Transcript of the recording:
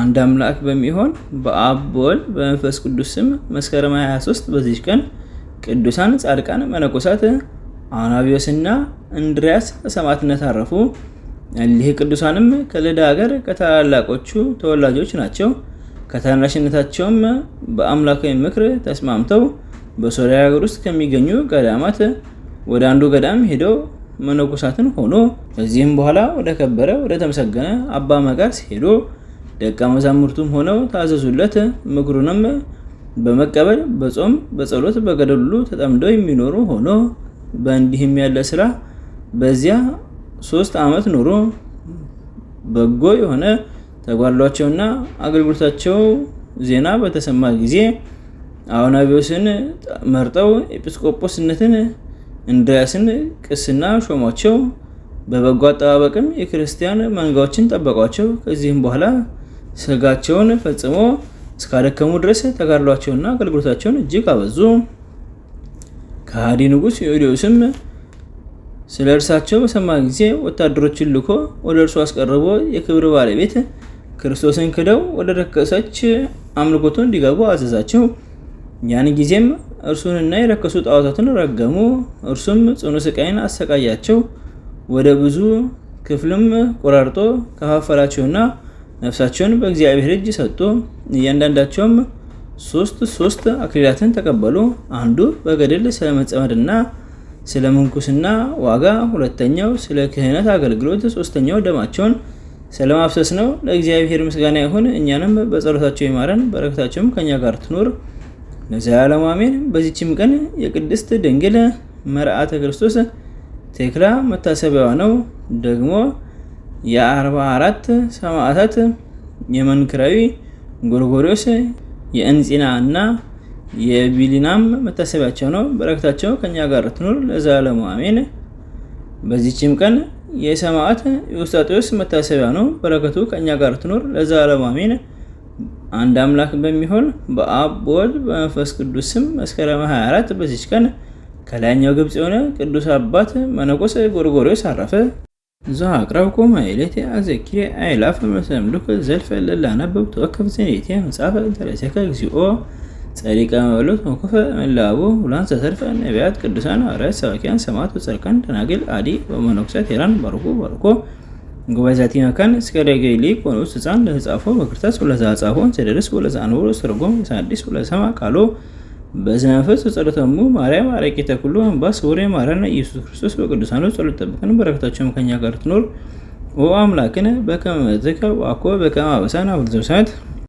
አንድ አምላክ በሚሆን በአብ በወልድ በመንፈስ ቅዱስ ስም መስከረም 23 በዚች ቀን ቅዱሳን ጻድቃን መነኮሳት አናቢዮስና እንድሪያስ ሰማትነት አረፉ። እሊህ ቅዱሳንም ከልዳ ሀገር ከታላላቆቹ ተወላጆች ናቸው። ከታናሽነታቸውም በአምላካዊ ምክር ተስማምተው በሶሪያ ሀገር ውስጥ ከሚገኙ ገዳማት ወደ አንዱ ገዳም ሄደው መነኮሳትን ሆኖ ከዚህም በኋላ ወደ ከበረ ወደ ተመሰገነ አባ መቃርስ ሄዶ ደቀ መዛሙርቱም ሆነው ታዘዙለት። ምክሩንም በመቀበል በጾም በጸሎት በገደሉ ሁሉ ተጠምደው የሚኖሩ ሆኖ በእንዲህም ያለ ስራ በዚያ ሶስት ዓመት ኖሮ በጎ የሆነ ተጓሏቸውና አገልግሎታቸው ዜና በተሰማ ጊዜ አውናቢዎስን መርጠው ኤጲስቆጶስነትን እንድሪያስን ቅስና ሾሟቸው። በበጎ አጠባበቅም የክርስቲያን መንጋዎችን ጠበቋቸው። ከዚህም በኋላ ስጋቸውን ፈጽሞ እስካደከሙ ድረስ ተጋድሏቸውና አገልግሎታቸውን እጅግ አበዙ። ከሃዲ ንጉስ ዮድዮስም ስለ እርሳቸው በሰማ ጊዜ ወታደሮችን ልኮ ወደ እርሱ አስቀርቦ የክብር ባለቤት ክርስቶስን ክደው ወደ ረከሰች አምልኮቱ እንዲገቡ አዘዛቸው። ያን ጊዜም እርሱንና የረከሱ ጣዖታትን ረገሙ። እርሱም ጽኑ ስቃይን አሰቃያቸው። ወደ ብዙ ክፍልም ቆራርጦ ከፋፈላቸውና ነፍሳቸውን በእግዚአብሔር እጅ ሰጡ። እያንዳንዳቸውም ሶስት ሶስት አክሊላትን ተቀበሉ። አንዱ በገድል ስለ መጸመድና ስለ ምንኩስና ዋጋ፣ ሁለተኛው ስለ ክህነት አገልግሎት፣ ሶስተኛው ደማቸውን ስለ ማፍሰስ ነው። ለእግዚአብሔር ምስጋና ይሁን፣ እኛንም በጸሎታቸው ይማረን፣ በረከታቸውም ከኛ ጋር ትኑር ለዘላለሙ አሜን። በዚችም ቀን የቅድስት ድንግል መርዓተ ክርስቶስ ቴክላ መታሰቢያዋ ነው። ደግሞ የአርባ አራት ሰማዕታት የመንክራዊ ጎርጎሪዎስ የእንፂና እና የቢሊናም መታሰቢያቸው ነው። በረከታቸው ከኛ ጋር ትኑር ለዘላለሙ አሜን። በዚችም ቀን የሰማዕት ኤዎስጣቴዎስ መታሰቢያ ነው። በረከቱ ከኛ ጋር ትኑር ለዘላለሙ አሜን። አንድ አምላክ በሚሆን በአብ በወልድ በመንፈስ ቅዱስ ስም መስከረም 24 በዚች ቀን ከላይኛው ግብፅ የሆነ ቅዱስ አባት መነኮስ ጎርጎሪዎስ አረፈ። ذا أقرأكم إليتي أذكري أيلاف መሰምልኩ ዘልፈ ለላነበብቶ ከፍ ዜኔቴ መጽሐፈ እንተለሴከ እግዚኦ ጸሪቀ መበሎት መኮፈ መላቡ ሁላን ዘተርፈ ነቢያት ቅዱሳን አረ ሰባኪያን ሰማዕት ወጻድቃን ደናግል አዲ በመነኩሳት ሄራን ባርኮ ባርኮ ጉባኤ ዛቲ መካን እስከ ደገሊ ቆኖስ ህፃን ለተጻፎ በክርታስ ወለዛ ጻፎን ዘደርስ ወለዛ አንቦ ስተርጎም ሳዲስ ወለሰማ ቃሎ በዚህ መንፈስ ጸሎተሙ ማርያም አረቂተ ኩሉ አምባስ ወሬ ማረነ ኢየሱስ ክርስቶስ በቅዱሳኑ ጸሎት ጠብቀን በረከታቸው ከኛ ጋር ትኖር። ኦ አምላክነ በከመ መትከ ዋኮ በከመ አበሳነ አብልዘብሳት